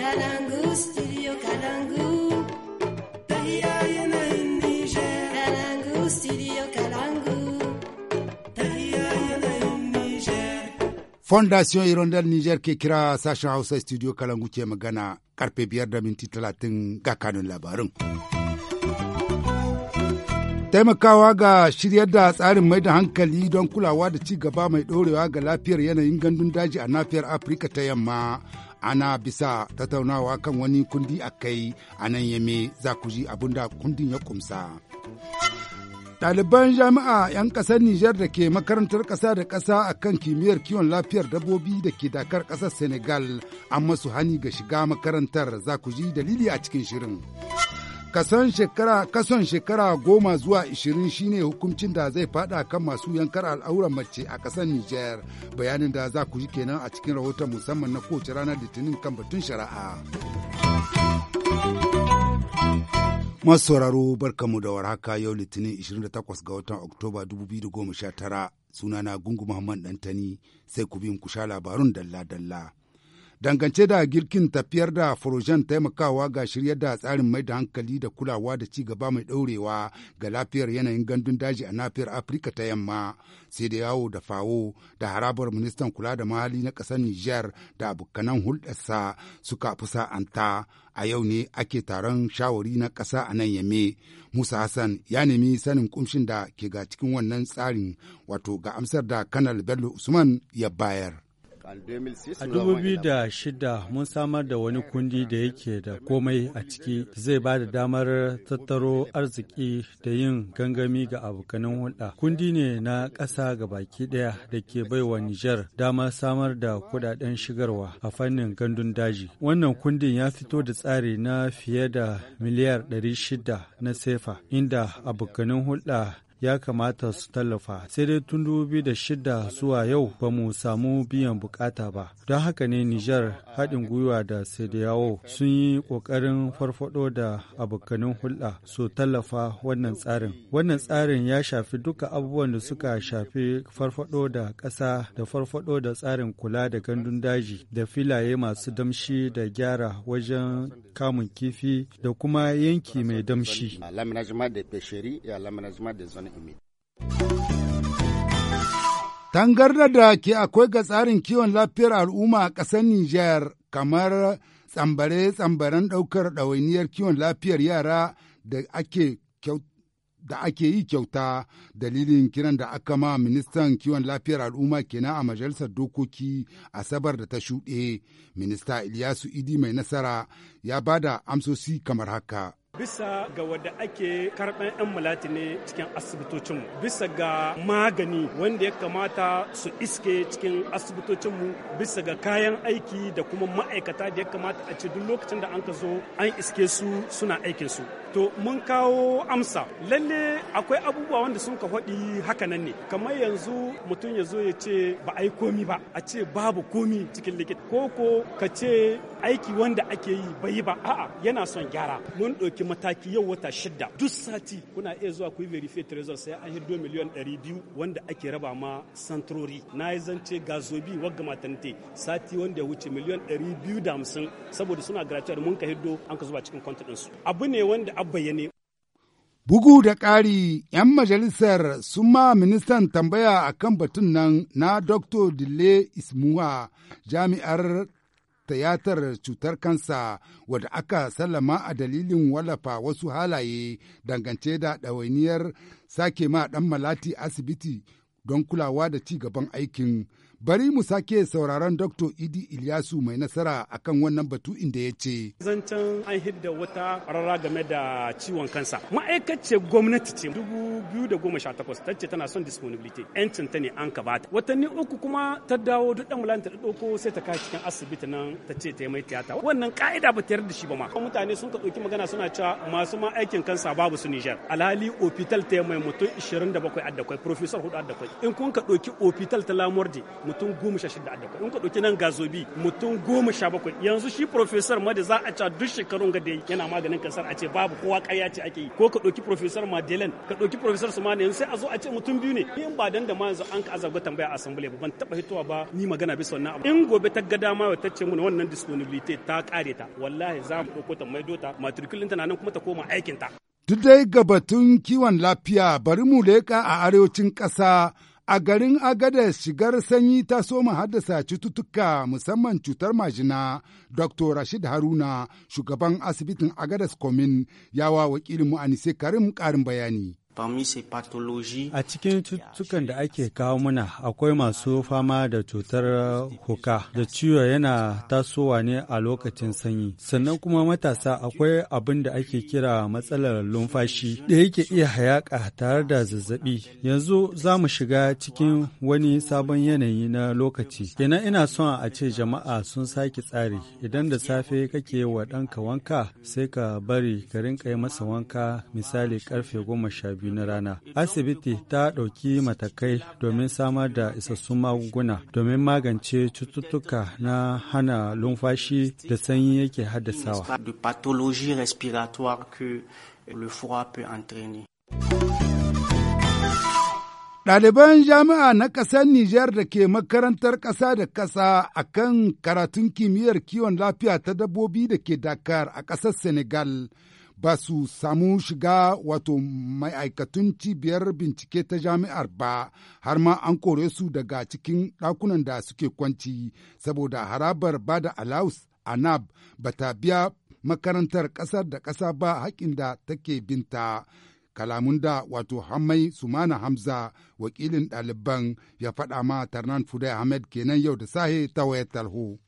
Kalangu, studio Kalangu. Fondation Hirondelle Niger ke kira sashen Hausa studio Kalangu ke magana karfe biyar da minti talatin ga kanun labarin. taimakawa ga shiryar da tsarin mai da hankali don kulawa da ci gaba mai ɗorewa ga lafiyar yanayin gandun daji a nafiyar afirka ta yamma ana bisa tattaunawa kan wani kundi a kai a nan yame za ku ji abin da kundin ya kumsa ɗaliban jami'a 'yan ƙasar nijar da ke makarantar ƙasa da ƙasa a kan kimiyyar kiwon lafiyar dabbobi da ke dakar ƙasar senegal an masu hani ga shiga makarantar za ku ji dalili a cikin shirin. kasan shekara kason shekara goma zuwa ishirin shine hukuncin da zai fada kan masu yankar al'auran mace a kasan Nijar bayanin da za ku ji kenan a cikin rahoton musamman na kowace ranar litinin kan batun shari'a. Masu sauraro barkamu da warhaka yau litinin 28 ga watan Oktoba 2019 sunana Gungu Muhammad Dantani sai ku bi ku sha labarun dalla-dalla. Dangance da girkin tafiyar da furojen taimakawa ga shirya da tsarin mai da hankali da kulawa da ci gaba mai ɗaurewa ga lafiyar yanayin gandun daji a nafiyar Afirka ta yamma, sai da yawo da fawo da harabar ministan kula da mahali na ƙasar Nijar da abokanan hulɗarsa suka sa'anta, a yau ne ake taron shawari na ƙasa a nan yame musa hassan ya nemi sanin kumshin da ke ga cikin wannan tsarin wato ga amsar da kanal bello usman ya bayar A 2006 mun samar da wani kundi da yake da komai a ciki zai ba da damar tattaro arziki da yin gangami ga abokanan hulɗa. Kundi ne na ƙasa ga baki ɗaya da ke baiwa Nijar damar samar da kuɗaɗen shigarwa a fannin gandun daji. Wannan kundin ya fito da tsari na fiye da miliyar 600 na sefa inda abokanan hulɗa ya kamata su tallafa sai dai tun 2006 zuwa yau ba mu samu biyan bukata ba don haka ne nijar haɗin gwiwa da sediyawo sun yi ƙoƙarin farfado da abokanin hulɗa su tallafa wannan tsarin wannan tsarin ya shafi duka abubuwan da suka shafi farfado da ƙasa da farfado da tsarin kula da gandun daji da filaye masu damshi da gyara wajen kamun kifi da kuma yanki mai damshi al'ummi. da ke akwai ga tsarin kiwon lafiyar al'umma a ƙasar Nijar kamar tsambare-tsambaren ɗaukar ɗawainiyar kiwon lafiyar yara da ake yi kyauta dalilin kiran da aka ma ministan kiwon lafiyar al'umma kenan a majalisar dokoki asabar da ta shuɗe minista iliyasu idi mai nasara ya bada amsosi kamar haka bisa ga wadda ake karɓar 'yan malati ne cikin asibitocinmu bisa ga magani wanda ya kamata su iske cikin asibitocinmu bisa ga kayan aiki da kuma ma'aikata da ya kamata a ce duk lokacin da an ka zo an iske su suna su. to mun kawo amsa lalle akwai abubuwa wanda sun ka faɗi haka nan ne kamar yanzu mutum ya zo ya ce ba a yi komi ba a ce babu komi cikin likita ko ko ka ce aiki wanda ake yi bai yi ba a'a yana son gyara mun ɗauki mataki yau wata shida duk sati kuna iya zuwa ku yi verify trezor sai an hirdo miliyan ɗari biyu wanda ake raba ma santrori na yi zance gazobi wagga matante sati wanda ya wuce miliyan ɗari biyu da hamsin saboda suna gratuwa mun ka hirdo an ka zuba cikin kwantar ɗinsu abu ne wanda a bayyane Bugu da ƙari, ‘yan majalisar sun ma ministan tambaya akan batun nan na Dr. Dille ismuwa jami'ar tiyatar cutar kansa wadda aka sallama a dalilin wallafa wasu halaye dangance da ɗawainiyar sake ma ɗan malati asibiti don kulawa da ci gaban aikin Bari mu sake sauraron Dr. Idi Ilyasu mai nasara akan wannan batu inda ya ce. Zancen an hidda wata rara game da ciwon kansa. Ma'aikace gwamnati ce dubu biyu da goma sha takwas ta ce tana son disponibility. Yancin ta ne an ka bata. Watanni uku kuma ta dawo duk dan mulanta ta doko sai ta kai cikin asibiti nan ta ce ta yi mai tiyata. Wannan ka'ida ba ta yarda shi ba ma. Mutane sun ka ɗauki magana suna cewa masu ma kansa babu su Nijar. Alhali opital ta yi mai mutum 27 adda kwai, professor hudu adda In kun ka ɗauki opital ta Lamordi mutum goma sha shida da in ka ɗauki nan gazobi mutum goma sha bakwai yanzu shi professor ma da za a ca duk shekarun ga da yana maganin kansar a ce babu kowa ƙarya ce ake yi ko ka ɗauki professor madeleine ka ɗauki professor sumana yanzu sai a zo a ce mutum biyu ne in ba dan da ma yanzu an ka azaba tambaya a assembly ba ban taɓa hitowa ba ni magana bisa wannan abu in gobe ta ga dama ta ce mun wannan disponibility ta ƙare ta wallahi za mu ɗauko ta maido ta matriculin ta nan kuma ta koma aikin ta. Duk dai gabatun kiwon lafiya bari mu leƙa a arewacin ƙasa A garin Agada shigar sanyi ta soma haddasa cututtuka musamman cutar majina, Dr. Rashid Haruna, shugaban asibitin Agadas Komin, wa wakilinmu Anise Karim ƙarin bayani. A cikin cutukan da ake kawo muna akwai masu fama da cutar huka da ciwo yana tasowa ne a lokacin sanyi. Sannan kuma matasa akwai abin da ake kira matsalar lumfashi da yake iya hayaka tare da zazzabi. Yanzu za mu shiga cikin wani sabon yanayi na lokaci. Kenan ina son a ce jama'a sun sake tsari idan da safe kake wa ɗanka wanka sai ka bari ka rinka yi masa wanka misali karfe goma sha biyu. biyu na rana. Asibiti ta ɗauki matakai domin samar da isassun magunguna domin magance cututtuka na hana lumfashi da sanyi yake haddasawa. Ɗaliban jami'a na ƙasar Nijar da ke makarantar ƙasa da ƙasa a kan karatun kimiyyar kiwon lafiya ta dabbobi da ke Dakar a ƙasar Senegal ba su samu shiga wato ma'aikatun cibiyar bincike ta jami'ar ba har ma an kore su daga cikin ɗakunan da suke kwanci saboda harabar bada da alaus anab ba ta biya makarantar ƙasar da ƙasa ba haƙin da take binta kalamun da wato hamai Sumana Hamza wakilin ɗaliban ya faɗa ma Tarnan Fudai Ahmed kenan yau da sahe ta wayar talhu.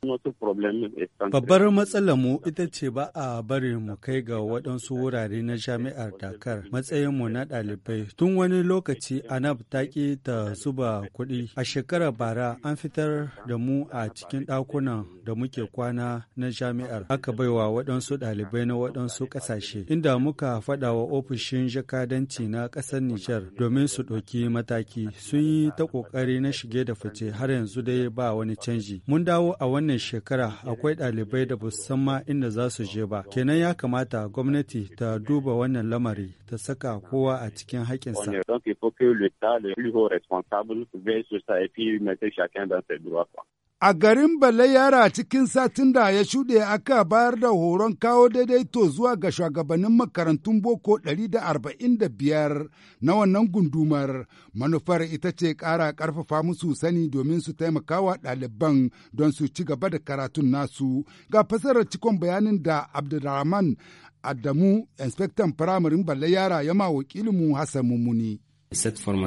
Babbar matsalar mu ita ce ba a bari mu kai ga waɗansu wurare na jami'ar Dakar matsayin mu na ɗalibai. Tun wani lokaci Anab ta ƙi ta zuba kuɗi. A shekarar bara an fitar da mu a cikin ɗakunan da muke kwana na jami'ar. Aka baiwa waɗansu ɗalibai na waɗansu ƙasashe. Inda muka faɗa wa ofishin jaka jakadanci na ƙasar Nijar domin su ɗauki mataki sun yi ta ƙoƙari na shige da fice har yanzu dai ba wani canji. Mun dawo a wannan shekara akwai ɗalibai da ba san ma inda za su je ba. Kenan ya kamata gwamnati ta duba wannan lamari ta saka kowa a cikin haƙƙinsa. Donc il faut que l'État, le plus haut responsable, veille sur ça et puis chacun dans ses droits. A garin Bale yara cikin satin da ya shuɗe aka bayar da horon kawo daidaito zuwa ga shugabannin makarantun boko 145 na wannan gundumar. Manufar ita ce ƙara ƙarfafa musu sani domin su taimakawa ɗaliban don su ci gaba da karatun nasu. Ga fasarar cikon bayanin da Abdulrahman Adamu, inspektan firamarin Bale yara ya ma wakilinmu Hassan Mummuni.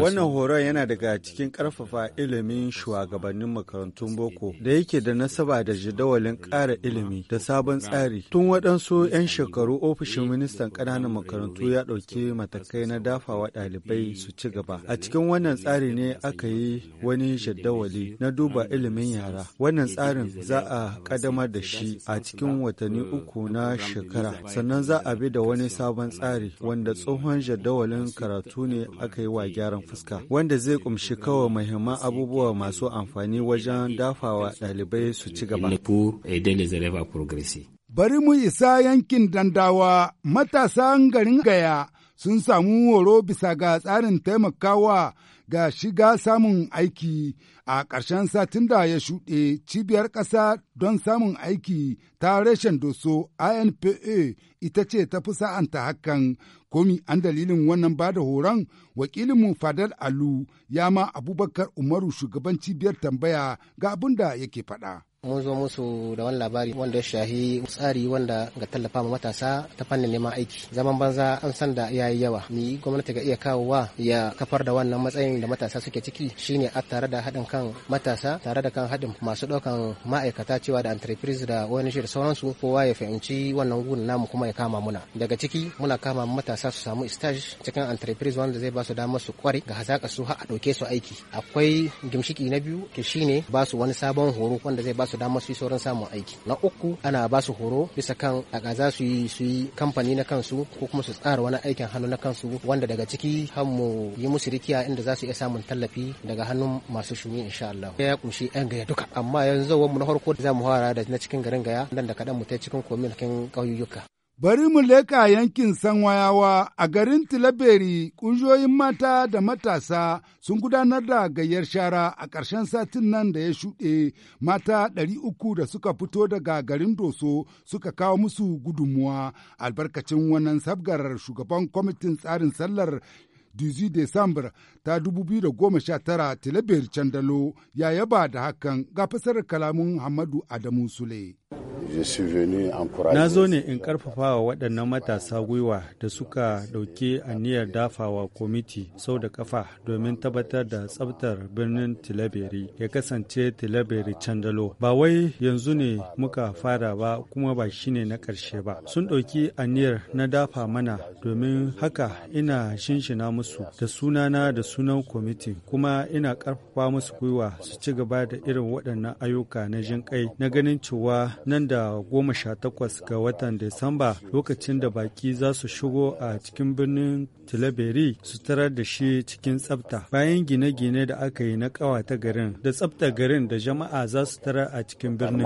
Wannan horon yana daga cikin ƙarfafa ilimin shugabannin makarantun boko da yake da nasaba da jadawalin ƙara ilimi da sabon tsari. Tun waɗansu 'yan shekaru ofishin ministan ƙananan makarantu ya ɗauki matakai na dafawa ɗalibai su ci gaba. A cikin wannan tsari ne aka yi wani jadawali na duba ilimin yara. Wannan tsarin za a ƙaddamar da shi a cikin watanni uku na shekara. Sannan za a bi da wani sabon tsari wanda tsohon jadawalin karatu ne aka yi zuwa gyaran fuska wanda zai kumshi kawai muhimman abubuwa masu amfani wajen dafawa ɗalibai su ci gaba. Bari mu isa yankin dandawa matasan garin gaya sun samu horo bisa ga tsarin taimakawa ga shiga samun aiki a ƙarshen satin da ya shuɗe cibiyar ƙasa don samun aiki ta reshen doso INPA ita ce ta fi sa'anta hakan Komi an dalilin wannan ba da horon wakilinmu Fadar Alu ya ma Abubakar Umaru shugaban cibiyar tambaya ga abin da yake faɗa. mun zo musu da wani labari wanda ya shahi tsari wanda ga tallafa ma matasa ta fannin neman aiki zaman banza an san da ya yi yawa ni gwamnati ga iya kawowa ya kafar da wannan matsayin da matasa suke ciki shine a tare da haɗin kan matasa tare da kan haɗin masu ɗaukan ma'aikata cewa da entreprise da wani shi da sauransu kowa ya fahimci wannan gudun namu kuma ya kama muna daga ciki muna kama matasa sa su samu stage cikin entreprise wanda zai ba su damar su kware ga hazaƙa su har a ɗauke su aiki akwai gimshiki na biyu ke shine ba su wani sabon horo wanda zai ba su damar su yi sauran samun aiki na uku ana ba su horo bisa kan a za su yi su yi kamfani na kansu ko kuma su tsara wani aikin hannu na kansu wanda daga ciki har mu yi musu rikiya inda za su iya samun tallafi daga hannun masu shuni insha Allah ya kunshi yan gaya duka amma yanzu mu na farko za mu fara da na cikin garin gaya nan da kaɗan mu ta cikin komin kin ƙauyuka Bari mu leka yankin Sanwayawa a garin Tilaberi ƙungiyoyin mata da matasa sun gudanar da gayyar shara a ƙarshen satin nan da ya shuɗe mata ɗari uku da suka fito daga garin Doso suka kawo musu gudunmuwa albarkacin wannan sabgar shugaban kwamitin tsarin sallar 18 Desambar ta Goma Sha tara, Tilaberi Candalo ya yaba da hakan ga fasarar kalamun Hamadu Adamu Sule. Na zo ne in karfafa wa waɗannan matasa gwiwa da suka ɗauki aniyar dafawa komiti sau da kafa domin tabbatar da tsabtar birnin Tilaberi ya kasance Tilaberi Candalo. Ba wai yanzu ne muka fara ba kuma ba shi ne na ƙarshe ba. Sun ɗauki aniyar na dafa mana domin haka ina shinshina musu da sunana da sunan komiti kuma ina karfafa musu gwiwa su ci gaba da irin waɗannan ayyuka na jin na ganin cewa nan da goma sha takwas ga watan Disamba lokacin da baki za su shigo a cikin birnin Tilaberi su tarar da shi cikin tsafta. Bayan gine-gine da aka yi na ta garin da tsafta garin da jama'a za su tarar a cikin birnin.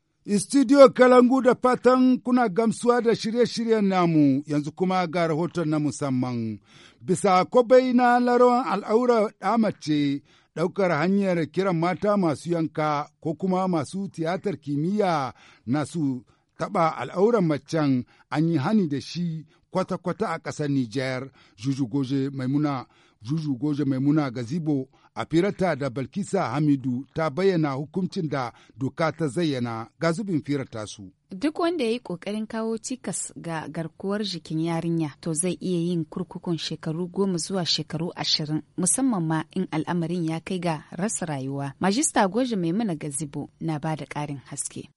Studio Kalangu da fatan kuna gamsuwa da shirye-shiryen namu yanzu kuma ga rahoton na musamman. Bisa kwabai na larawan al'aura ɗamace ɗaukar hanyar kiran mata masu yanka ko kuma masu tiyatar kimiyya na su taɓa al'auran macen an yi hani da shi kwata-kwata a ƙasar Nijar, Juju Goje Maimuna, Juju Goje Maimuna Gazibo a firarta da Balkisa Hamidu ta bayyana hukuncin da doka ta zayyana ga zubin firarta su. Duk wanda ya yi ƙoƙarin kawo cikas ga garkuwar jikin yarinya to zai iya yin kurkukun shekaru goma zuwa shekaru ashirin musamman ma in al'amarin ya kai ga rasa rayuwa. Majista mai mana Gazibo na ba da ƙarin haske.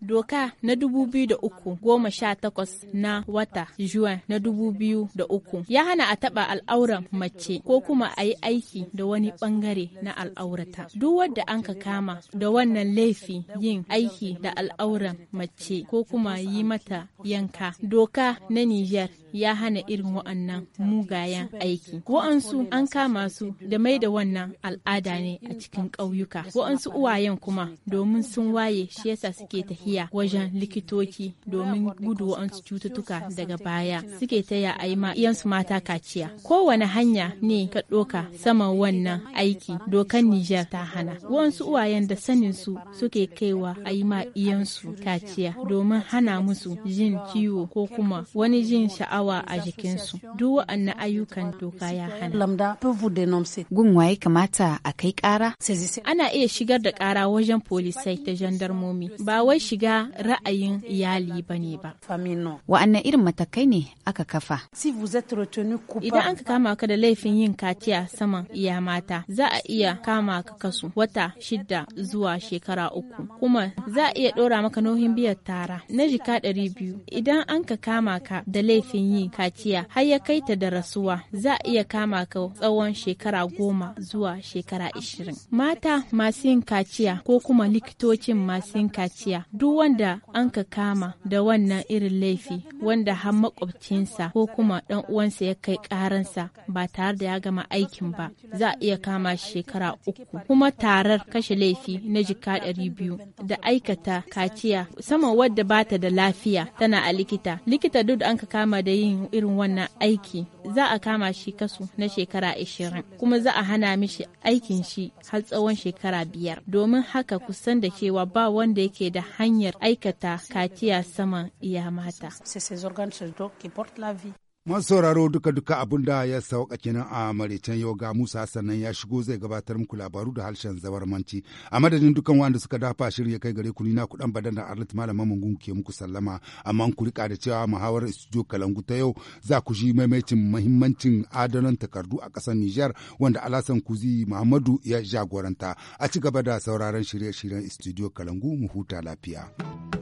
Doka na dubu biyu da uku goma sha takwas na wata juan na dubu biyu da uku ya hana a taɓa al'auran mace ce ko kuma a yi aiki da wani bangare na al'aurata. Duk wadda an ka kama da wannan laifi yin aiki da al'auran mace ko kuma yi mata yanka. Doka na Nijar ya hana irin wa'annan mugayen aiki. Wa'ansu an kama su da mai da wannan al'ada ne a cikin ƙauyuka. Wa'ansu uwayen kuma domin sun waye shi yasa suke tahiya wajen likitoci domin gudu wa'ansu cututtuka daga baya suke taya a yi ma iyansu mata kaciya. Kowane hanya ne ka ɗoka saman wannan aiki dokan Nijar ta hana. Wa'ansu uwayen da sanin su suke kaiwa a yi ma iyansu kaciya domin hana musu jin ciwo ko kuma wani jin sha'awa yawa a jikinsu duk waɗannan ayyukan doka ya hana. Gun waye kamata a kai ƙara? Ana iya shigar da ƙara wajen polisai da jandarmomi ba wai shiga ra'ayin iyali ba ne ba. Wa'annan irin matakai ne aka kafa. Idan an kama ka da laifin yin katiya saman iya mata za a iya kama ka kasu wata shida zuwa shekara uku kuma za a iya ɗora maka nohin biyar tara na jika ɗari biyu idan an ka kama ka da laifin yi kaciya har ya kai ta da rasuwa za a iya kama ka tsawon shekara goma zuwa shekara ishirin. Mata masu yin kaciya ko kuma likitocin masu yin kaciya duk wanda an ka kama da wannan irin laifi wanda har makwabcinsa ko kuma dan uwansa ya kai karansa ba tare da ya gama aikin ba za a iya kama shekara uku kuma tarar kashe laifi na jika ɗari biyu da aikata kaciya sama wadda ba ta da lafiya tana a likita likita duk da an ka kama da yin irin wannan aiki za a kama shi kasu na shekara ashirin kuma za a hana mishi aikin shi har tsawon shekara biyar domin haka kusan da cewa ba wanda yake da hanyar aikata kaciya saman iya mata. sauraro duka-duka abin da ya sauka kenan a maraicen yau ga Musa sannan ya shigo zai gabatar muku labaru da harshen zawarmanci A madadin dukan wanda suka dafa shirya ya kai gare ku na kudan badan da Arlit Malaman Mungun ke muku sallama amma ku rika da cewa muhawarar studio Kalangu ta yau za ku ji maimaitin mahimmancin adanan takardu a ƙasar Nijar wanda Alasan Kuzi Muhammadu ya jagoranta. A ci gaba da sauraron shirye-shiryen studio Kalangu mu huta lafiya.